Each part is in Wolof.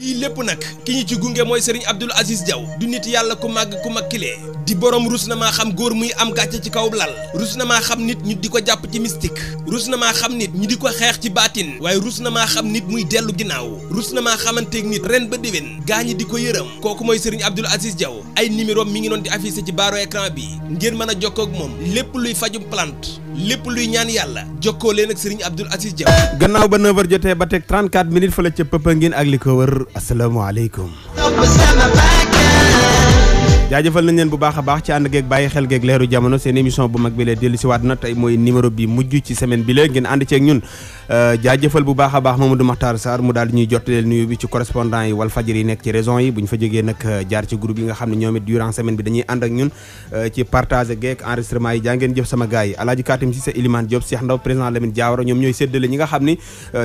lii lépp nag ki ñu ci gunge mooy Serigne Abdoul Aziz jaw du nit yàlla ku màgg ku ma kilee di borom rus na maa xam góor muy am gàcce ci kaw lal rus na maa xam nit ñu di ko jàpp ci mystique rus na maa xam nit ñu di ko xeex ci baatin waaye rus na maa xam nit muy dellu ginnaaw rus na maa xamanteeg nit ren ba déwén gaa ñi di ko yërëm kooku mooy Serigne Abdoul Aziz Diaw ay numéro mi ngi doon di affiché ci baro écran bi ngeen mën a jokkoo ak moom lépp luy fajum palant lépp luy ñaan yàlla jokkoo leen ak Serigne Abdoul Aziz Diaw. gannaaw ba 9h jotee ba teg 34 minutes fële ca Popenguine ak li ko wër asalaamaaleykum. jaajafal nañ leen bu baax a baax ci ànd geeg bàyyi xel geeg leeru jamono seen émission bu mag bi lee dellu waat na tey mooy numéro bi mujj ci semaine bi lee ngeen ànd ceeg ñun Euh, jaajëfal bu baax a baax Mamadou Makhtar Sarr mu daal di ñuy jottaleel nuyu bi ci correspondant yi Walfadjri yi nekk ci régions yi bu fa jógee nag euh, jaar ci groupe yi nga xam ne ñoom it durant semaine euh, yi jàngeen jëf sama gars yi Alaaji Katim Cissé Ilimane Diop Cheikh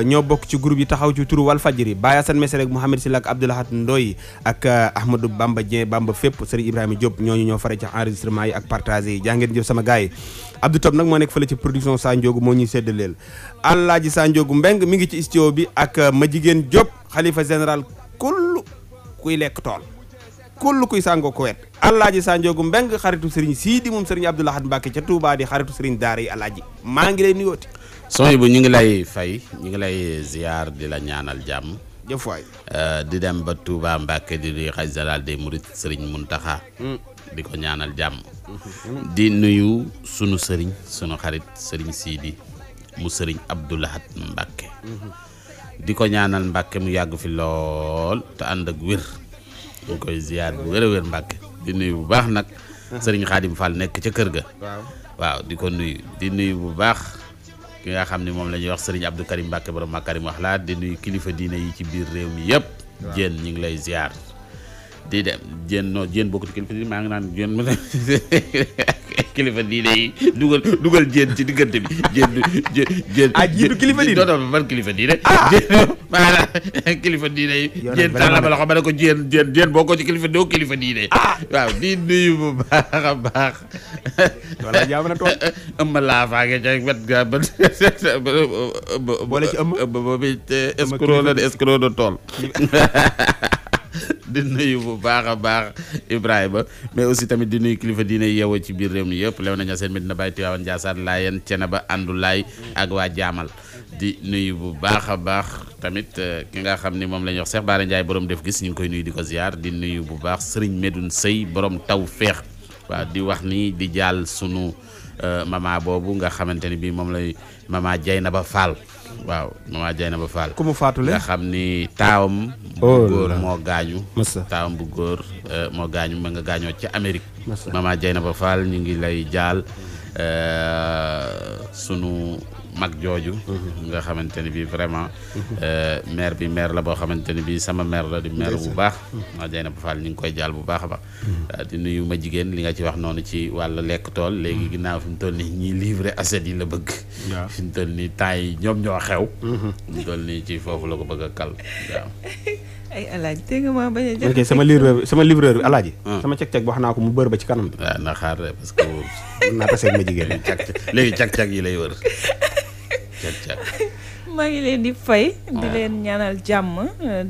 ñoo bokk ci groupe yi taxaw ci turu Walfadjri Baye Assane Messe rek Mouhamed Sylla ak Abdoulahat Ndoye ak Ahmadou Bamba Dieng Bamba fépp Serigne Ibrahima Diop ñooñu ñoo fare ci enregistrement yi ak partage yi jàngeen jëf sama gars yi Abdou Top nag moo nekk fële ci production Sa Ndiogou moo ñuy séddaleel Alaaji Sa Ndiogou Mbeng mi ngi ci studio bi ak euh, ma jigéen Diop xalifa général kull kuy lekk tool kull kuy sàngoo ko wet Alaaji Sa Ndiogou Mbeng xaritu Serigne Sidi moom Serigne Abdou Lahad Mbacke ca Touba di xaritu Serigne Daara yi Alaaji maa ngi lay nuyooti. sooy bi ñu ngi lay fay ñu ngi lay ziar di la ñaanal jàmm. jëf waay euh, di dem ba Touba Mbacke di di xaj général des Mourides hmm. di ko ñaanal jàmm. di nuyu sunu sëriñ sunu xarit sëriñ Sidi mu sëriñ Abdou Lahad Mbacke. di ko ñaanal Mbacke mu yàgg fi lool te ànd ak wér. ñu koy ziar bu wér wér Mbacke di nuyu bu baax nag. sëriñ Xaadim Fall nekk ca kër ga. waaw di ko nuyu di nuyu bu baax. ki nga xam ne moom la ñuy wax sëriñ Abdou Karim mbàkke borom Makarim wax laa di nuyu kilifa diine yi ci biir réew mi yëpp. waaw ñu ngi lay ziar. di dem jéen non jéen bokk ci kilifa diine maa ngi naan jéen kilifa diine yi dugal dugal jéen ci diggante bi jéen du jéen ah ji du ko jéen jéen ko ci kilifa doo kilifa diine waaw di nuyu bu baax a baax wala jaam na toog ga ba boole ci ëmb boobu escroc tool di nuyu bu baax a baax Ibrahima mais aussi tamit di nuyu kilifa diine yeewoo ci biir réew mi yëpp lew nañu seen Medina Baye Tivaouane Ndiassane Laayeen Cenaba Andulaay ak waa Jaamal di nuyu bu baax a baax tamit euh, ki nga xam ni moom la ñuy wax Cheikh Bara Ndiaye borom def gis ñu koy nuyu di ko ziar di nuyu bu baax Serigne Medoune Sey borom taw feex waaw di wax nii di jaal sunu euh, mama boobu nga xamante ni bii moom lay na ba Fall. waaw maman ba faal ku mu faatule nga xam ni taawam. bu oh góor moo gaañu. taawam bu góor euh, moo gaañu ma nga gaañoo ci Amérique. maman Dieynaba Fall ñu ngi lay jaal euh, sunu. mag jooju nga xamante ne bi vraiment euh, maire bi maire la boo xamante ne bi sama maire la di maire bu baax hmm. ma jay na ngi koy jaal bu baax a baax hmm. euh, di nuyu ma jigéen li nga ci wax noonu ci wàllu lekk tool hmm. léegi ginnaaw fi mu toll nii ñiy livrer assiette yi la bëgg fi mu toll nii temps yi ñoom ñoo xew fi mu toll nii la ko bëgg a kal waaw ay alaaji sama livreur sama livreur bi alaaji sama cag-cag wax naa ko mu bër ba ci kanam bi xaar parce que mën ma jigéen léegi cag-cag yi lay wër maa ngi leen di fay. di leen ñaanal jàmm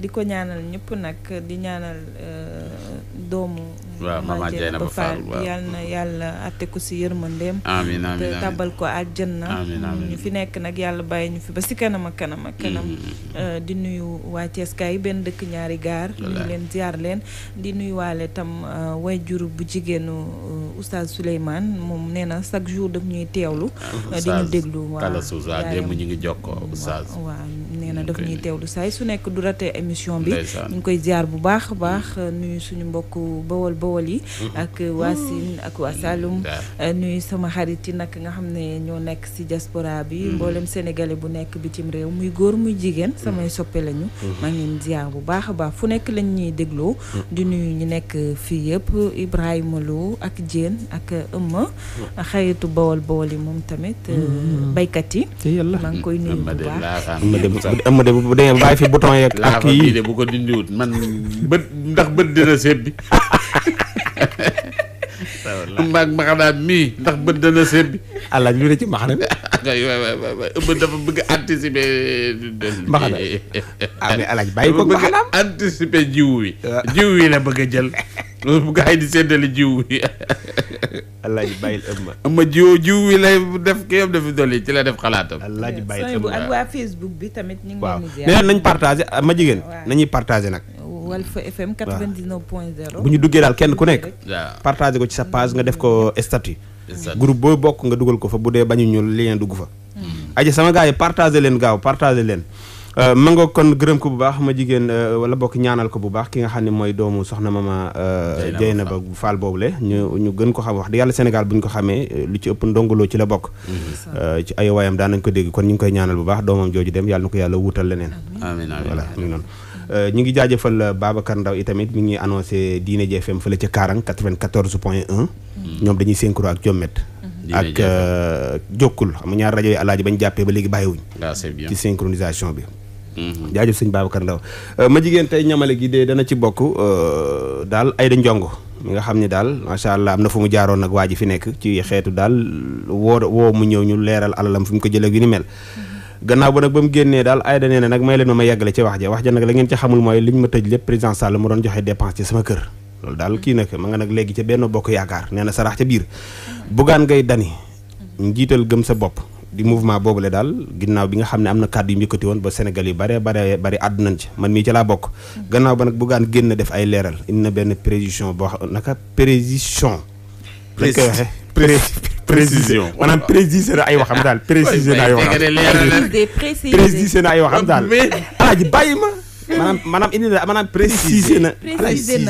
di ko ñaanal ñëpp nag di ñaanal euh, doomu. waaw maman Dieynaba Fall waaw yal na yàlla atte ko si yërmandeem amiin amiin te tabal ko àjjana mm, ñu fi nekk nag yàlla bàyyi ñu fi ba si kanam ak kanam ak kanam mm-hmm, mm-hmm. Euh, di nuyu waa Thiès benn dëkk ñaari gaar ñu leen ziar leen di nuyu waale tam euh, way jur bu jigéenu euh, oustaz Souleymane moom nee na chaque jour daf ñuy teewlu ah, di ñu déglu waaw démb ñu ngi jokkoo oustaz waaw nee na daf ñuy teewlu saay su nekk du rate émission bi ñu koy ziar bu baax baax mm. nuyu suñu mbokk bawol Bawol yi mm-hmm. ak waa mm-hmm. ak waa Saloum euh, sama xarit yi nag nga xam ne ñoo nekk si diaspora bi mm-hmm. mboolem sénégalais bu nekk bitim réew muy góor muy jigéen samay soppe lañu maa ngi leen bu baax a baax fu nekk lañ ñuy dégloo di nuyu ñu nekk fii yëpp Ibrahima Lo ak Diène ak Ëmma xaritu Bawol Bawol yi moom tamit euh, baykat yi maa ngi koy nuyu bu baax am fi bouton yeeg ak bu ko dindiwut man ndax bët dina seet bi maag maxanaa mii ndax bët dana seet bi alaaj lu ne ci maxana bi waay waay waay bëgg anticiper maxana ah jiw wi ah. jiw wi la bëgg a jël bu gaa di séddale jiw wi bay bàyyil ëmma ëmma jiw wi lay def ki yam defi dolli ci la def xalaatam alaaji bàyyil ëmma ak waa Facebook bi tamit ñu ngi leen di nañ partagé ma nag Walf FM 99 point 0 bu ñu duggee daal kenn ku nekk partagé ko ci sa page nga def ko statut groupe boo bokk nga dugal ko fa bu dee bañu ñu lien dugg fa hmm. aja sama gars yi partagé leen gaaw partagé leen euh, ma nga kon gërëm ko bu baax ma jigéen euh, wala bokk ñaanal ko bu baax ki nga xam ne mooy doomu soxna mama Dieynaba euh, Fall boobule ñu ñu gën ko xam wax di yàlla Sénégal bu ñu ko xamee lu ci ëpp ndongoloo ci la bokk hmm. ci ay waayam daan nañ ko dégg kon ñu ngi koy ñaanal bu baax doomam jooju dem yàlla na ko yàlla wuutal leneen Euh, ñu ngi jaajëfal euh, Babacar Ndaw itamit mi ngi annoncé Diine J FM fële ci Kaarang 94 point 1. Mm-hmm. ñoom dañuy synchro ak Jommet. Mm-hmm. ak euh, jokkul xam ñaar rajo yi alaaji bañ jàppee ba léegi bàyyiwuñ. waaw ah, c'est bien ci synchronisation bi. Mm-hmm. jaajo sëñ Babacar Ndaw ma jigéen tey ñamale gi de dana ci bokk daal Ayda Ndiongo mi nga xam ne daal macha allah am na fu mu jaaroon nag waa ji fi nekk ci xeetu daal woo woo mu ñëw ñu leeral alalam fu mu ko jëlee gi ni mel. gannaaw ba nag ba mu génnee daal Aida nee na nag may leen ma ma yeggale ci wax ja wax ja nag la ngeen ci xamul mooy liñ ma tëj lépp président Sall mu doon joxe dépense ci sama kër loolu daal kii nag ma nga nag léegi ca benn bokk yaakaar nee na saraax ca biir bugaan ngay dani njiital gëm sa bopp di mouvement boobu la daal ginnaaw bi nga xam ne am na kàddu yu yëkkati woon ba Sénégal yi bare bare bari àddu nañ ci man mii laa bokk gannaaw ba nag bugaan génn def ay leeral indi na benn précision boo xam naka précision lañ koy waxe précision maanaam préciser na ay waxam daal préciser na ay waxam na ay waxam daal alaaji bàyyi ma maanaam maanaam indi na maanaam préciser na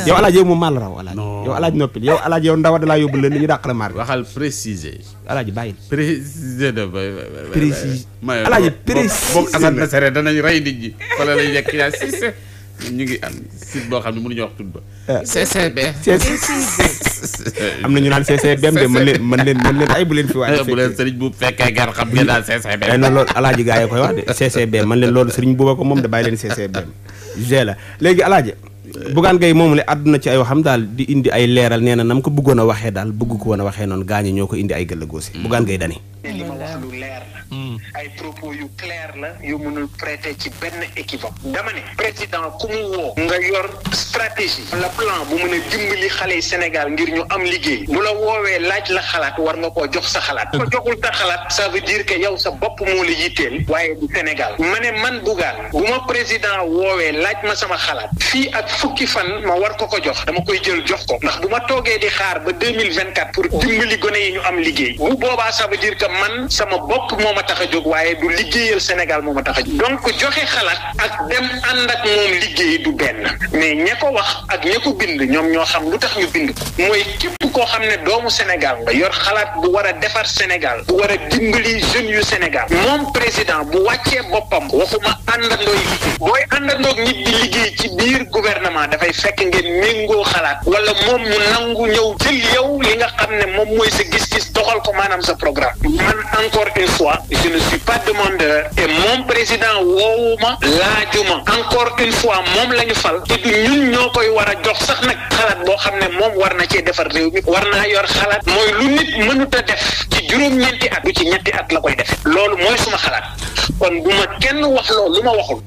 yow alaaji yow moom maa la raw alaaji yow alaaji noppil yow alaaji yow ñu dàq la maar waxal préciser alaaji bàyyi préciser na ba préciser alaaji préciser boobu Assane na sere danañ rey nit ñi wala lay yekk yaa sise ñu ngi am site boo xam ne mënuñu wax tudd ba ah. am na ñu naan CCBM de mën leen mën leen mën leen ay bu leen fi waay bu leen sëriñ bu fekkee gar xam ngeen daal CCBM ay noonu loolu alaaji gaa yi koy wax de CCBM man leen loolu sëriñ buuba ko moom de bàyyi leen CCBM g la léegi alaaji Bougane Gueye moom àdduna ci ay waxam daal di indi ay leeral nee na nam ko bëggoon a waxee daal bëgg ko woon a waxee noonu gaañu ñoo ko indi ay gëllëgoose Bougane Gueye dani Mm. ay propos yu claire la yu mënul prêter ci benn équivoque dama ne président ku mu woo nga yor stratégie la plan bu mën a dimbali xale yi Sénégal ngir ñu am liggéey bu la woowee laaj la xalaat war nga koo jox sa xalaat mm. ko joxul sa xalaat ça veut dire que yow sa bopp moo la yitteel waaye bu Sénégal ma ne man Bougane bu ma président woowee laaj ma sama xalaat fii ak fukki fan ma war ko ko jox dama koy jël jox ko ndax bu ma toogee di xaar ba deux mille vingt quatre pour dimbali gone yi ñu am liggéey bu boobaa ça veut man sama bopp ma tax a jóg waaye du liggéeyal Sénégal moo tax a jóg donc joxe xalaat ak dem ànd ak moom liggéey du benn mais ña ko wax ak ña ko bind ñoom ñoo xam lu tax ñu bind mooy képp koo xam ne doomu Sénégal nga yor xalaat bu war a defar Sénégal bu war a dimbali jeunes yu Sénégal moom président bu wàccee boppam waxuma àndandooy liggéey booy àndandoog nit di liggéey ci biir gouvernement dafay fekk ngeen méngoo xalaat wala moom mu nangu ñëw jël yow li nga xam ne moom mooy gis-gis doxal ko maanaam sa programme man encore je ne suis pas demandeur et mon président woowuma laajuma encore une fois moom la fal te du ñun ñoo koy war a jox sax nag xalaat boo xam ne moom war na cee defar réew mi war naa yor xalaat mooy lu nit mënut a def ci juróom-ñeenti at du ci ñetti at la koy defe loolu mooy suma xalaat kon bu kenn wax loolu lu ma waxul.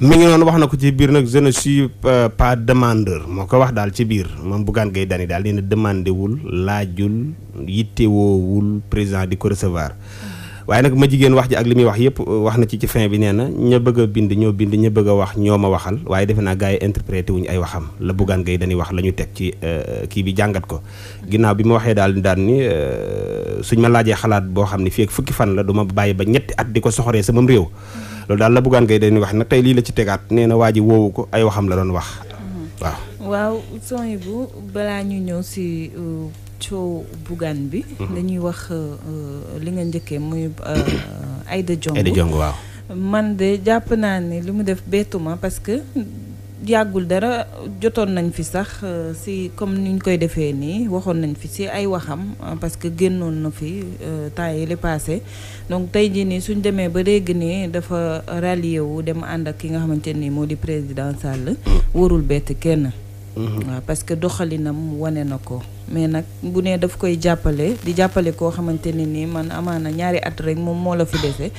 mi ngi noonu wax na ko ci biir nag je ne suis euh, pas demandeur moo ko wax daal ci biir moom Bougane Gueye Dany daal nee na wul laajul yittewoowul président di ko recevoir. waaye nag ma jigéen wax ji ak li muy wax yëpp uh, wax na ci ci fin bi nee ña bëgg bind ñoo bind ña bëgg wax ñoo ma waxal waaye defe naa gars yi interprété wuñu ay waxam la buggaan gay wax la ñu teg uh, kii bi jàngat ko ginnaaw bi ma waxee daal daan ni uh, suñ ma laajee xalaat boo xam ne fii fukki fan la du ma bàyyi ba ñetti at di ko soxoree sama samam réew loolu daal la buggaan gay dañuy wax nag tey lii la ci tegaat nee na waa ji woowu ko ay waxam la doon wax mm-hmm. waaw waaw bu balaa ñu ñëw si coow Bougane bi. Mhm. dañuy wax euh, euh, li nga njëkkee muy euh, ayda Diongue. Aïda Diongue waaw. man de jàpp naa ni li mu def bettuma parce que yàggul dara jotoon nañ fi sax si comme ni ñu koy defee nii waxoon nañ fi si ay waxam parce que génnoon na fi temps yi li passé donc tey jii nii suñ demee ba léegi nii dafa rallié wu dem ànd ak ki nga xamante nii moo di président Sall hmm. warul bett kenn. Mhm. waaw parce que doxalinam wane na ko mais nag bu nee daf koy jàppale di jàppale koo xamante ne nii man amaana ñaari at rek moom moo la fi dese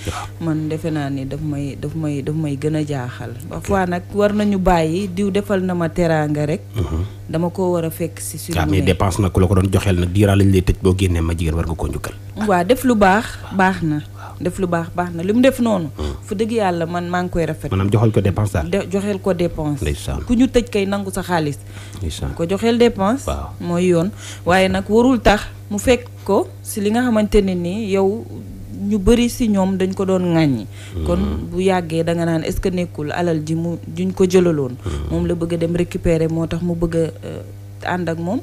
man defe naa ni daf may daf may daf may gën a jaaxal parfois nag war nañu bàyyi diw defal na ma teraanga rek mhm. dama ko war a fekk si sur ah, mais dépense nag ku la ko doon joxeel nag diiraa lañ lay tëj boo génnee ma jigéen war nga koo def lu baax baax na def lu baax baax na li mu def noonu. Hmm. fu dëgg yàlla man maa ngi koy rafet. maanaam joxel ko dépense daal. joxel ko dépense. ku ñu tëj kay nangu sa xaalis. ko joxel dépense. mooy yoon waaye nag warul tax mu fekk ko si li nga xamante ne nii yow. ñu bëri si ñoom dañ ko doon ŋàññi hmm. kon bu yàggee danga nga naan est-ce que nekkul alal ji mu juñ ko jëlaloon hmm. moom la bëgg a dem récupérer moo tax mu bëgg a euh, ànd ak moom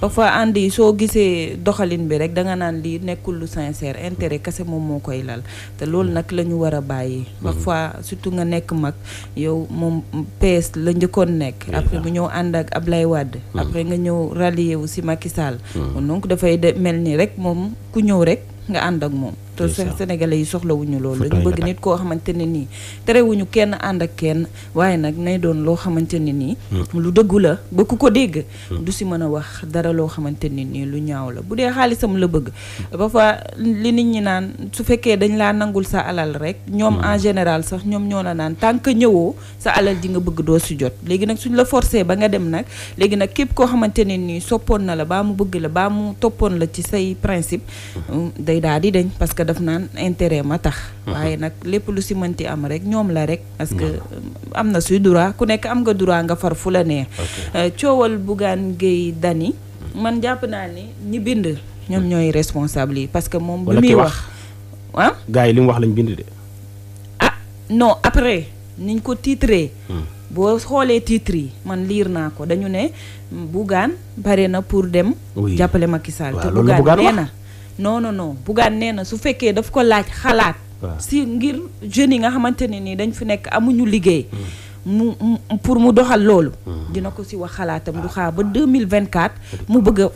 parfois ànd yi soo gisee doxalin bi rek danga naan lii nekkul lu sincère intere kese moom moo koy lal te loolu nag la ñu war a bàyyi. Mhm. parfois surtout nga nekk mag yow moom PS la njëkkoon nekk. après bu ñëw ànd ak lay wàdd mhm. après nga ñëw rallier wu si Macky Sall. Mhm. donc dafay de mel nii rek moom ku ñëw rek nga ànd ak moom. te sénégalais yi soxlawuñu loolu dañu bëgg nit koo xamante ne nii terewuñu kenn ànd ak kenn waaye nag nay doon loo xamante ne nii hmm. lu dëggu la ba ku ko dégg hmm. du si mën a wax dara loo xamante ne nii lu ñaaw la bu dee xaalisam la bëgg parfois li nit ñi naan su fekkee dañ laa nangul sa alal rek ñoom hmm. en général sax ñoom ñoo la naan tant que ñëwoo sa alal ji nga bëgg doo si jot léegi nag suñ la forcé ba nga dem nag léegi nag képp koo xamante ne nii soppoon na la baa mu bëgg la baa mu toppoon la ci say principe daf naan intéret ma tax mhm. waaye nag lépp lu si mënti am rek ñoom la rek parce que mhm. am na suy droit ku nekk am nga droit nga far fu la neex euh, coowal Bougane Gueye dani mhm. man jàpp naa ne ñi bind ñoom ñooy responsable yi parce que moom bi muy wax ah gars yi li mu wax lañ bind de ah non après niñ ko tiitre boo xoolee titre yi man liir naa ko dañu ne Bougane pare na pour dem jàppale ma Sall te Bougane nee na non non non Bougane nee na su fekkee daf ko laaj xalaat. si ngir jeunes yi nga xamante ne nii dañ fi nekk amuñu liggéey. mu pour mu doxal loolu. Mm. dina ko si wax xalaatam du xaar ba deux mille vingt quatre mu bëgg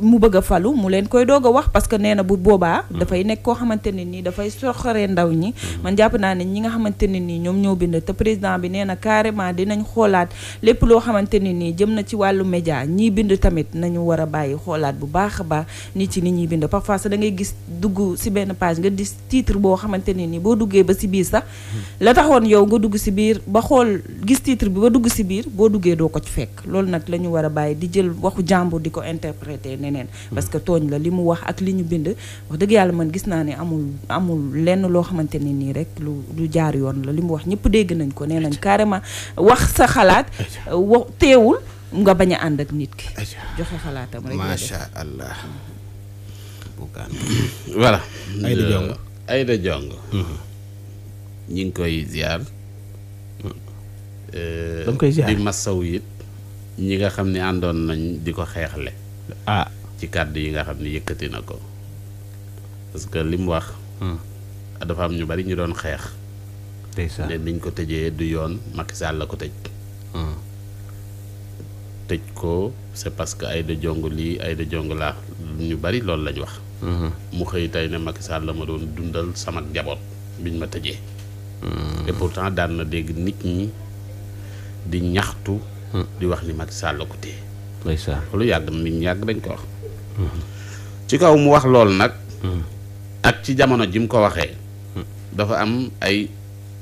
mu bëgg a falu mu leen koy doog a wax parce que nee na bu boobaa mm-hmm. dafay nekk koo xamante ne nii dafay soxoree ndaw ñi mm-hmm. man jàpp naa ne ñi nga xamante ne nii ñoom ñoo bind te président bi nee na carrément dinañ xoolaat lépp loo xamante ne nii jëm na ci wàllu média ñiy bind tamit nañu war a bàyyi xoolaat bu baax a baax nit ci ni ñuy bind parfois sax da gis dugg si benn page nga dis titre boo xamante ne nii boo duggee ba si biir sax mm-hmm. la taxoon yow nga dugg si biir ba xool gis titre bi ba dugg si biir boo duggee doo ko ci fekk loolu nag la ñu war a bàyyi di jël waxu jàmbur di ko interpréter neneen parce que tooñ la li mu wax ak li ñu bind wax dëgg yàlla man gis naa ni amul amul lenn loo xamante ne nii rek lu lu jaar yoon la li mu wax ñëpp dégg nañ ko nee nañ carrément wax sa xalaat wa teewul nga bañ a ànd ak nit ki joxe xalaatam rek macha allah mm. bugaan mm-hmm. ñi ngi koy koy ziar euh, di nga xam ne àndoon nañ di ko xeexle ah. ci kàddu yi nga xam ne yëkkati na ko parce que li wax. Hmm. dafa am ñu bari ñu doon xeex. ne niñ ko tëjee du yoon Macky Sall la ko tëj. Hmm. tëj ko c'est parce que ay da jong lii ay da jong laa ñu bari loolu lañ wax. Hmm. mu xëy tey ne Macky Sall la ma doon dundal sama njaboot biñ ma tëjee. et pourtant daan na dégg nit ñi di ñaxtu. di wax ni Macky Sall la ko téye. loolu yàgg nit ñi yàgg dañ ko wax. ci kaw mu wax loolu nag hmm. ak ci jamono ji mu ko waxee hmm. dafa am ay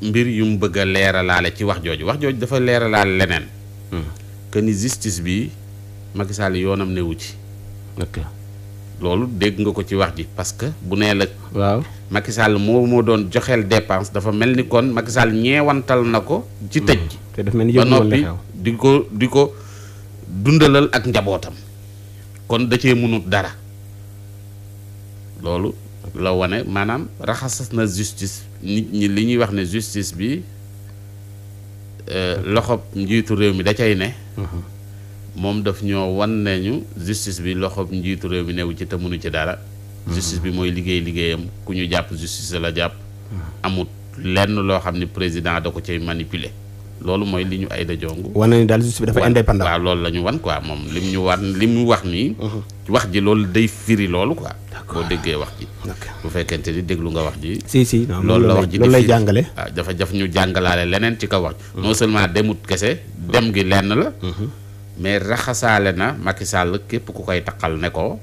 mbir yu mu bëgg a leeralaale ci wax jooju wax jooju dafa leeralaale leneen hmm. que ni justice bi Macky Sall yoonam newu ci loolu dégg nga ko ci wax ji parce que bu nee la waaw Sall moo moo doon joxeel dépense dafa mel ni kon Macky Sall ñeewantal na ko ci tëj ba noppi di ko di ko dundalal ak njabootam kon da cee mënut dara loolu la wane maanaam raxasas na justice nit ñi li ñuy wax ne justice bi euh, loxob njiitu réew mi da cay ne mhm. moom daf ñoo wan nañu justice bi loxob njiitu réew mi newu ci te mënu ci dara mhm. justice bi mooy liggéey liggéeyam ku ñu jàpp justice la jàpp mhm. amut lenn loo xam ni président da ko cay manipuler loolu mooy li ñu ay da jong wane na ni daal justice bi dafa indépendant waaw loolu la ñu wan quoi moom lim ñu war li mu wax nii mhm. wax ji loolu day firi loolu quoi boo déggee wax ji bu fekkente ni déglu nga wax ji si si loolu la wax ji loolu lay jàngale waaw ah, dafa jaf ñu jàngalaale leneen ci kaw wax mhm. non seulement demut kese dem gi lenn la mhm. mais raxasaale na Macky Sall képp ku koy taqal ne ko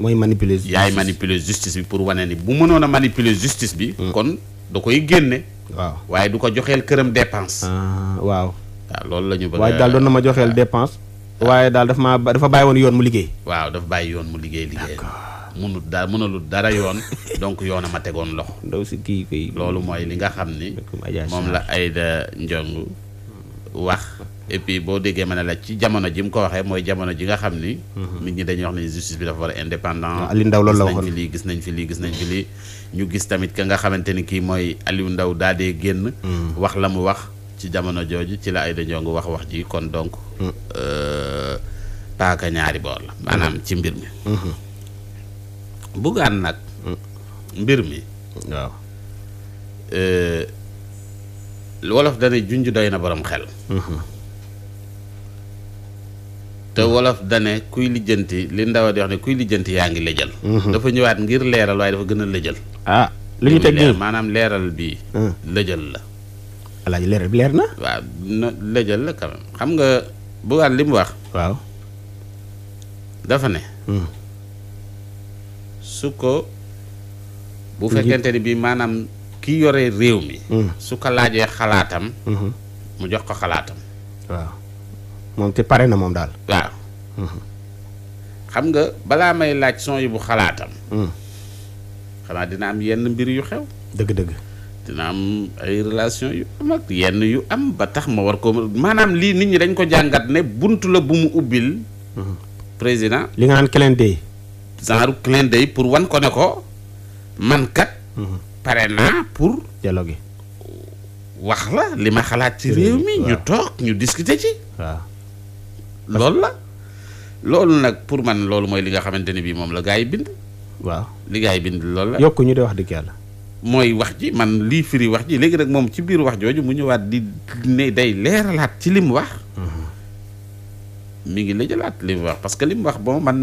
mooy manipule yaay manipuler justice bi pour wane ni bu mënoon a manipuler justice bi kon da koy génne. waaw waaye du ko joxeel këram dépense. Ah, waaw. waaw loolu la ñu bëgg waaye daal doon na ma joxeel dépense. Ah. waaye daal dafa ma dafa bàyyi woon yoon mu liggéey. waaw dafa bàyyi yoon mu liggéey liggéey. munut daal mënalut dara yoon donc yoon a ma tegoon loxo. ndaw si kii koy. loolu mooy li nga xam ni. moom la Aïda Ndiongue wax. et boo déggee ma ne la ci jamono ji mu ko waxee mooy jamono ji nga xam ni. Mhm. nit ñi dañuy wax ne justice bi dafa war a indépendant. Ah, Aliou Ndao loolu la waxoon gis gis nañ fi lii gis nañ fi lii. ñu gis tamit ka nga xamante ni kii mooy Aliou Ndao daa dee génn. Mhm. wax la mu wax ci jamono jooju ci la Aïda Ndiongue wax wax ji kon donc. Mhm. Euh, paaka ñaari boor la. maanaam ci mbir mi. Bougane nag. mbir mi. waaw. Euh, wolof dana junj doy na borom xel. te wolof dane kuy lijjanti li ndaw di wax ne kuy lijjanti yaa ngi lëjal mhm. dafa ñëwaat ngir leeral waaye dafa gën a lëjal ah li ñu teg maanaam leeral bi ah. lëjal la alaaji na waaw na xam nga bugaan li wax waaw dafa ne hmm. su ko bu fekkente ni bi maanaam ki yore réew mi hmm. su ko laajee xalaatam hmm. mu jox ko xalaatam moom te pare na moom daal. waaw. xam nga balaa may laaj son yi bu xalaatam. Hmm. xanaa dina am yenn mbir yu xew. dëgg-dëgg. dina am ay relation yu am ak yenn yu am ba tax ma war ko maanaam lii nit ñi dañ ko jàngat ne bunt la bu mu ubbil. Hmm. président li nga naan clin d'œil. genre clin d'œil pour wan ko ne ko man kat. Hmm. pare naa pour. dialogue wax la li ma xalaat ci réew mi. ñu toog ñu discuter ci. waaw. loolu la loolu nag pour man loolu mooy li nga xamante ne bii moom la gars yi bind. waaw li gars yi bind lool la. yokku ñu de wax dëgg yàlla. mooy wax ji man lii firi wax ji léegi nag moom ci biir wax jooju mu ñëwaat di ne day leeralaat ci li mu wax. Mm-hmm. mi ngi la jëlaat li mu wax parce que li mu wax bon man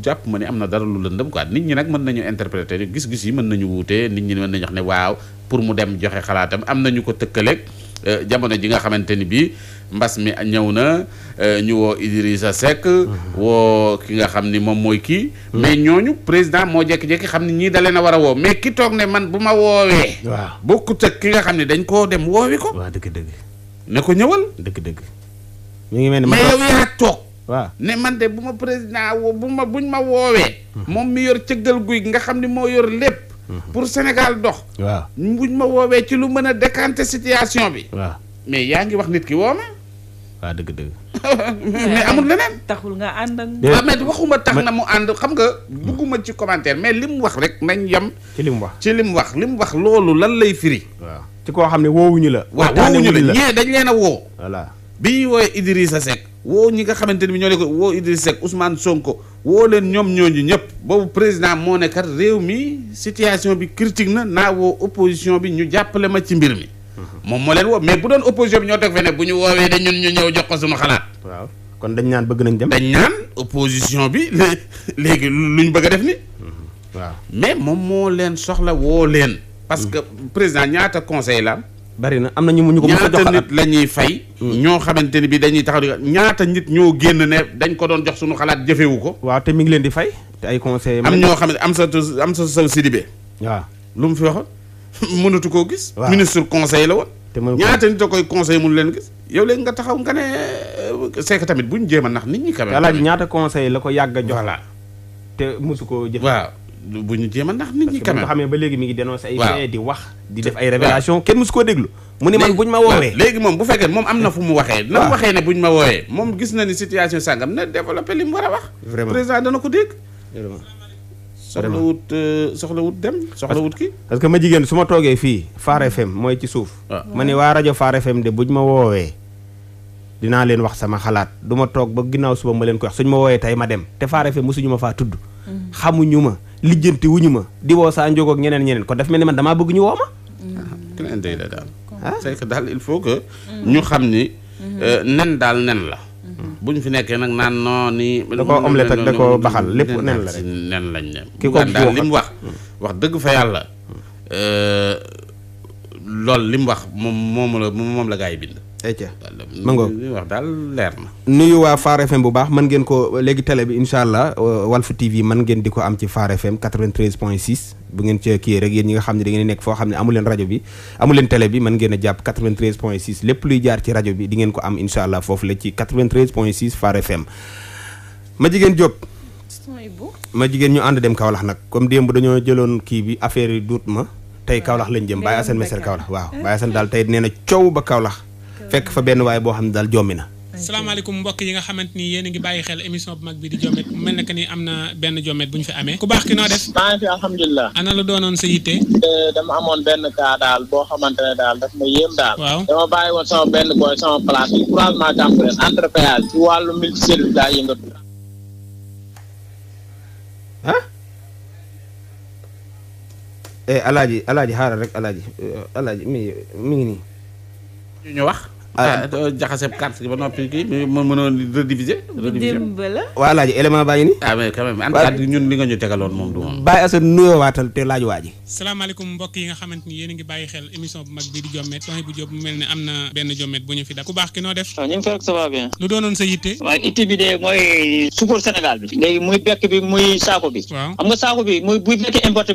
jàpp ma ne am na dara lu lëndëm quoi nit ñi nag mën nañu interpréter gis-gis yi mën nañu wuute nit ñi mën nañu ne waaw pour mu dem joxe xalaatam am na ñu ko tëkkaleeg. Euh, jamono ji nga xamante ni bii mbas mi ñëw na euh, ñu woo Idrissa Seck. Mhm. woo ki nga xam ni moom mooy kii. mais ñooñu président moo jékki-jékki xam ni ñii da leen war a woo mais ki toog ne man bu ma woowee. waaw bokkut ak ki nga xam ne dañ koo dem woowi ko. waaw dëgg-dëgg. ne ko ñëwal. dëgg-dëgg. mi ngi mel ni ma toog. waaw ne man de bu ma président woo bu ma buñ ma woowee. Mhm. moom mi yor cëggal guy nga xam ni moo yor lépp. pour Sénégal dox. waaw buñ ma woowee ci lu mën a décanter situation bi. mais yaa ngi wax nit ki woo ma. waaw dëgg dëgg. mais amul leneen. taxul nga ànd ak. mais waxuma tax na mu ànd xam nga. bugguma ci commentaire mais li mu wax rek nañ yem. ci li mu wax ci li mu wax li mu wax loolu lan lay firi. waaw ci koo xam ne woowuñu la. waxtaanee wuñu la waaw woowuñu la ñee dañ leen a woo. voilà bi ñuy woowee Idrissa Seck. woo ñi nga xamante ni bi ñoo leen ko woo Idrissa Seck Ousmane Sonko woo leen ñoom ñooñu ñëpp boobu président moo ne kat réew mi situation bi critique na naa woo opposition bi ñu jàppale ma ci mbir mi. Mhm. moom moo leen woo mais bu doon opposition ñoo toog fene bu ñu woowee de ñun ñu ñëw jox ko suñu waaw kon dañ naan bëgg nañ dem. dañ naan opposition bi léegi luñ bëgg a def ni mhm. waaw mais moom moo leen soxla woo leen. parce mhm. que président ñaata conseil la bari na am na ñu ñu ko mos a ñaata nit la ñuy fay. Mm. ñoo xamante ni bi dañuy taxaw ñaata nit ñoo génn ne dañ ko doon jox suñu xalaat jëfewu ko. waaw te mi ngi leen di fay te ay conseillers. am ñoo xam ne am sa am sa saw Sidibé. waaw lu mu fi waxoon mënatu koo gis. ministre conseil la woon. te ñaata nit a koy conseil mun leen gis. yow leen nga taxaw nga ne euh, seek tamit buñ jéem a ndax nit ñi. quand même ñaata conseil la ko yàgg a jox. voilà te mosu koo jëf bu ñu jéem a ndax nit ñi quand même xamee ba léegi mi ngi dénoncé ay faits di wax mu ni man buñ ma woowee léegi moom bu fekkee moom am na fu mu waxee na mu waxee ne ma woowee moom gis na ni situation sàngam na développé mu war a wax président dana ko dégg soxla wut euh, soxla wut dem soxla wut parce que ma jigéen su ma toogee fii Far FM mooy ci suuf ma ni waa rajo Far FM de buñ ma woowee dinaa leen wax sama xalaat du ma toog ba ginnaaw suba ma leen ko wax suñ ma woowee tey ma dem te Far FM suñu ma faa tudd mm. xamuñu ma lijjanti wuñu ma diwoo woo saa njóg ñeneen ñeneen kon daf mel ni man damaa bëgg ñu woo ma. client ah, day la daal. Ah? Ah, daal il faut que. ñu xam ni. Euh, nen daal nen la. bu ñu fi nekkee nag naan non nii. da koo omelette ak da koo baxal lépp nen la rek nen lañ ne. ki ko daal li mu wax wax dëgg fa yàlla. Euh, loolu li mu wax moom moom la moom la gaa yi bind. ayca ma daal leer na nuyu waa Far FM bu baax man ngeen ko léegi télé bi incha allah euh, Walf TV man ngeen di ko am ci Far FM 93 point 6 bu ngeen ci kii rek yéen ñi nga xam ne da ngeen nekk foo xam ne amu leen rajo bi amu leen télé bi mën ngeen a jàpp 93 point 6 lépp luy jaar ci rajo bi di ngeen ko am incha allah foofu la ci 93 Far FM ma jigéen Diop ma jigéen ñu ànd dem Kaolack nag comme démb dañoo jëloon kii bi affaire yi duut ma tey ah, Kaolack lañ jëm Baye Assane Messer Kaolack waaw Baye Assane daal tey nee na coow ba Kaolack fekk fa benn waay boo xam ne daal jommi na. salaamaaleykum mbokk yi nga xamante ni yéen ngi bàyyi xel émission bu mag bi di jommet mu mel ne que ni am na benn jommet bu ñu fi amee. ku baax ki noo def. maa ngi la doonoon sa yitte. dama amoon benn cas daal boo xamante ne daal daf ma yéem daal. waaw dama bàyyi woon sama benn ci wàllu daa yëngatu. ah. eh Alaaji Alaaji xaaral rek Alaaji eh, Alaaji mi mi ngi nii. ñu wax. ah, ah jaxase carte ba noppi kii mu mënoon rediviser. waa laaj élément baa ah, yi nga ni a ngi bàyyi xel émission bu mag bii di jommet soxna am na benn ah, bi de mooy. support Sénégal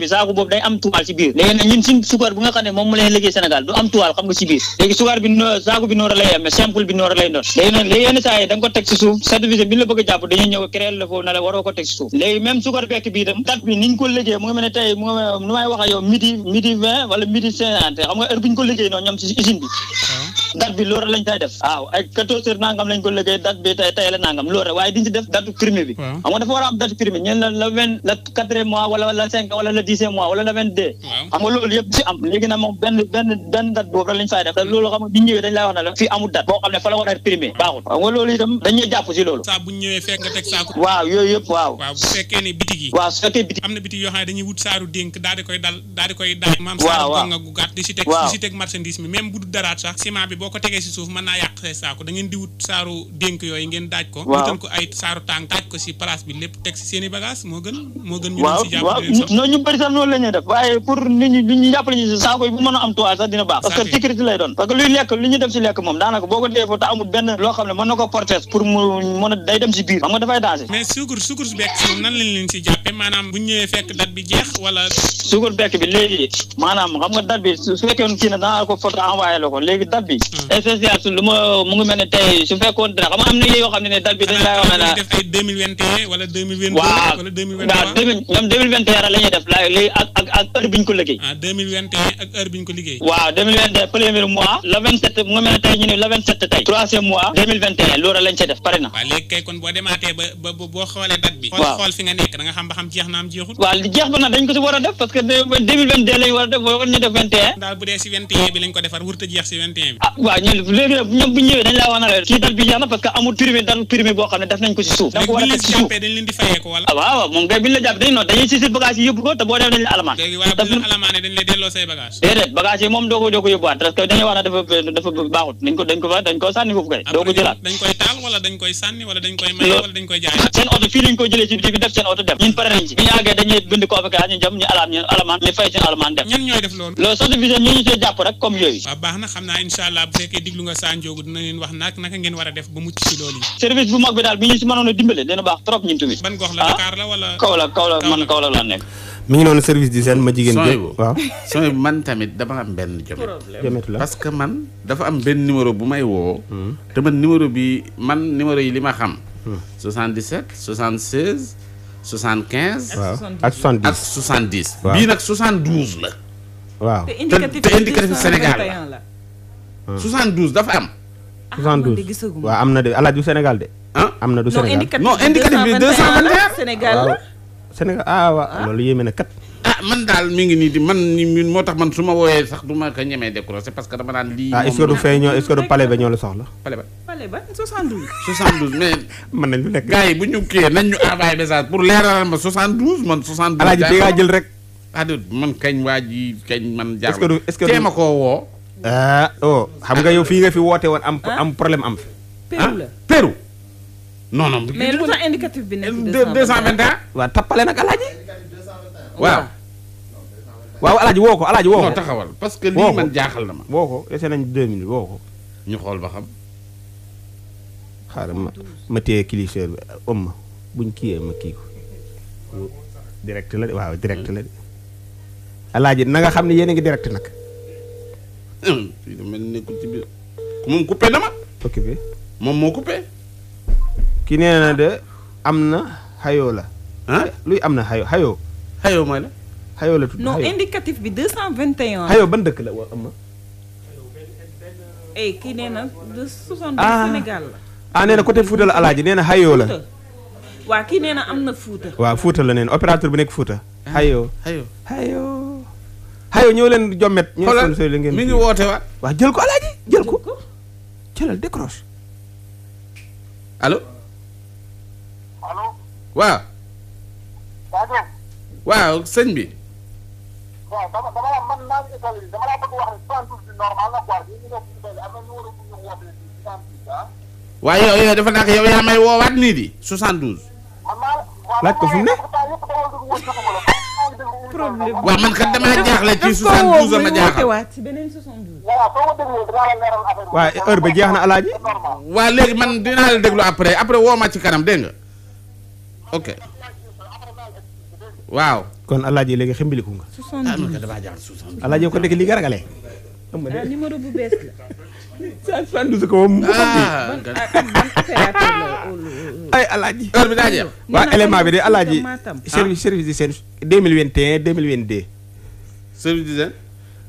bi. am tuwaal ci biir. mu leen liggéey Sénégal du am tuwaal xam nga ci biir léegi sukar bi saako bi noonu lay amee simple bi noonu lay doon léegi yenn saa yi da ko teg si suuf certificat bi la bëgg jàpp dañuy ñëw créer la foofu na la waroo ko teg si suuf léegi même sukar bekk bi itam date bi niñ ko liggéey mu ngi mel tey nu may wax ak yow midi midi vingt wala midi cinquante xam nga heure bi ñu ko liggéey noonu ñoom si bi ah. date bi loolu lañ tay def waaw ay quatorze heures nangam lañ ko liggéey date bi tay tay nangam loolu waaye diñ ci def date crime bi xam nga dafa war a fay def loolu la fii amul date boo xam ne fa la war a primé baaxul xam nga loolu itam dañuy jàpp si loolu saa bu ñëwee fekk nga teg saako waaw yooyu yëpp waaw bu fekkee ne bitig yi waaw su fekkee bitig am na bitig yoo xam ne dañuy wut saaru dénk daal koy dal daal koy daal maam saaru nga boo ko tegee si suuf man naa yàq say saako da ngeen saaru dénk yooyu ngeen daaj ko. waaw ko ay saaru tàng daaj ko si place bi lépp teg moo gën. moo ñu doon si waaw waaw ñu bëri sax noonu la ñuy def waaye pour nit ñu jàppale ñu si saako yi bu mën a am tuwaay sax dina baax. parce que sécurité lay doon. parce que luy lekk li ñu def si lekk moom daanaka boo ko dee foofu te amul benn loo xam ne mën na ko porter pour mu mën a day dem si biir xam nga dafay danger. mais sukur sukur bekk si nan lañ si jàppee maanaam bu ñëwee fekk dat bi jeex wala. sukur bekk bi léegi maanaam xam nga dat ko photo envoyé la association lu ma mu ngi mel tey su fekkoon dara xam nga am na yoo xam ne ne dal bi dañ laa wax waaw deux mille ñoom deux mille vingt et bi ñu ko liggéey ah deux mille bi ñu ko def pare na waaw kay kon boo demaatee boo xoolee date bi xool fi nga nekk da xam ba xam jeex na am jeexul waaw jeex ba na dañ ko si war a def parce que deux mille vingt deux war a def war ñu def vingt et daal bu dee si vingt et bi lañ ko defar wurta jeex si vingt et bi ah, waaw ñoom bu ñëwee dañ laa wax na la kii dal bi jeex na parce que amul primé dal primé boo xam ne def nañ ko si suuf da ah, def seen oto dem ñun pare nañ ci ñu àggee dañuy bind ko avocat ñu jëm ñu ñu alamaan ñu fay seen alamaan dem ñan ñooy def loolu loolu soo bu fekkee diglu nga Sa Ndiogou dina leen wax nak naka ngeen war a def ba mucc ci loolu yi service bu mag bi daal bi ñu si a ah, man Kaolack service di seen ma jigéen jë waaw am benn jëmet parce bu may woo hmm. te man numéro bi man numéro yi li ma xam 77 76 75 waaw ak 70 ak 70 bii nag 72 la waaw la 72 ah. dafa am. 72 ah, waaw am na de alaaj du Sénégal de. ah am na du Sénégal non indicatif bi 221 Sénégal la Sénégal ah waaw ah. loolu yéeme na kat. ah man daal mi ngi nii di man ñun moo tax man su ma wooyee sax du ma ko ñemee décroché parce que dama naan lii. ah est-ce que du fee ñoo est-ce que du palais ba ñoo la soxla. palais ba palais ba 72. 72 mais. mën nañu nekk gars yi bu ñu kiiyee nañ ñu envoyé message pour leeralal ma 72 man 72. alaaji bi nga jël rek. ah man kañ waa ji kañ man. jaar est-ce que du est-ce que du ma koo woo. ah oh, xam nga yow fii nga fi woote woon am ah? am problème am fi. Pérou ah? la Pérou. non bi nekk tappale nag alaaji. waaw. waaw alaaji woo ko alaaji woo ko. taxawal parce que jaaxal na ma. woo ko dese nañ deux minutes woo ko. ñu xool ba xam. xaaral ma ma téye bi om ma buñ kiiyee ma kii ko. direct la de waaw direct la de. alaaji na nga xam ne yéen a ngi direct nag. fii de mel nekkul ci moom coupé na ma. occupé moom moo coupé. ki nee de am na xayoo la. ah luy am na xayoo xayoo. xayoo mooy la. xayoo la tudd non indicatif bi 221. ban dëkk la war am na. eh kii nee na de ah. Sénégal la. ah nee na côté Fouta la alaaji la. waaw kii nee na am na Fouta. waaw Fouta la nee na opérateur bu nekk Fouta. xayoo xayoo xayoo ñëw leen jommet. xoolal mi ngi woote waat. jël ko alaaji jël ko jëlal décroche allo. allo. waaw. waaw sëñ bi. waaye yow yow dafa nekk yaa may woowaat nii di soixante-douze. problème waaw man kat damaa jaaxle ci 72 am ma jaaxal waaw heure ba jeex na alaaji waa léegi man dinaa la déglu après après woo ma ci kanam de nga ok waaw kon alaaji léegi ximbiliku nga ah, alaaji ko dégg li nga ragalee ah, 72 ko moom. ah ay alaaji. heure bi daa jeex. waa élément bi de alaaji. service service d'hygiène 2021 2022. service d'hygiène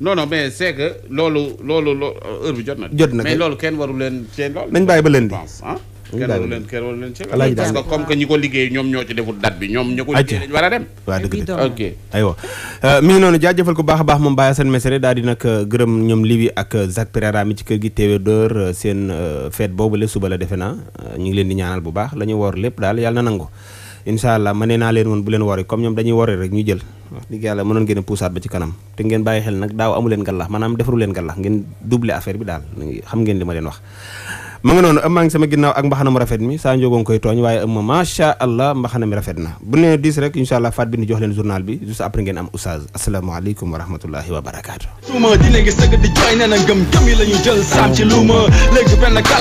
non non mais c'est que loolu loolu loo heure bi jot na. jot na mais loolu kenn waru leen seen loolu. nañ bàyyi ba lundi. keroog ña a dem waaw dëgg de ok aywa euh, mi ngi noonu ko baax a baax moom Baye Assane Mesere daal di nag euh, gërëm ñoom Libi ak Zak euh, Pereira ci kër gi Théodore seen fête boobu la suba la defe naa ñu ngi leen di ñaanal bu baax la ñu woor lépp daal yàlla na nangu incha allah ma nee naa leen woon bu leen wori comme ñoom dañuy wori rek ñu jël wax dëgg yàlla mënoon ngeen a puusaat ba ci kanam te ngeen bàyyi xel nag daaw amu leen gàllax maanaam defaru leen gàllax ngeen double affaire bi daal xam ngeen li ma leen wax ma nga noonu ëpp maa ngi sama ginnaaw ak mbaxana mu rafet mi saa njógoon koy tooñ waaye ëpp ma macha allah mbaxana rafet na bu nee diis rek incha allah faat bi ñu jox leen journal bi juste après ngeen am oustaz asalaamaaleykum wa rahmatullahi wa barakaatu. na ngëm gëm yi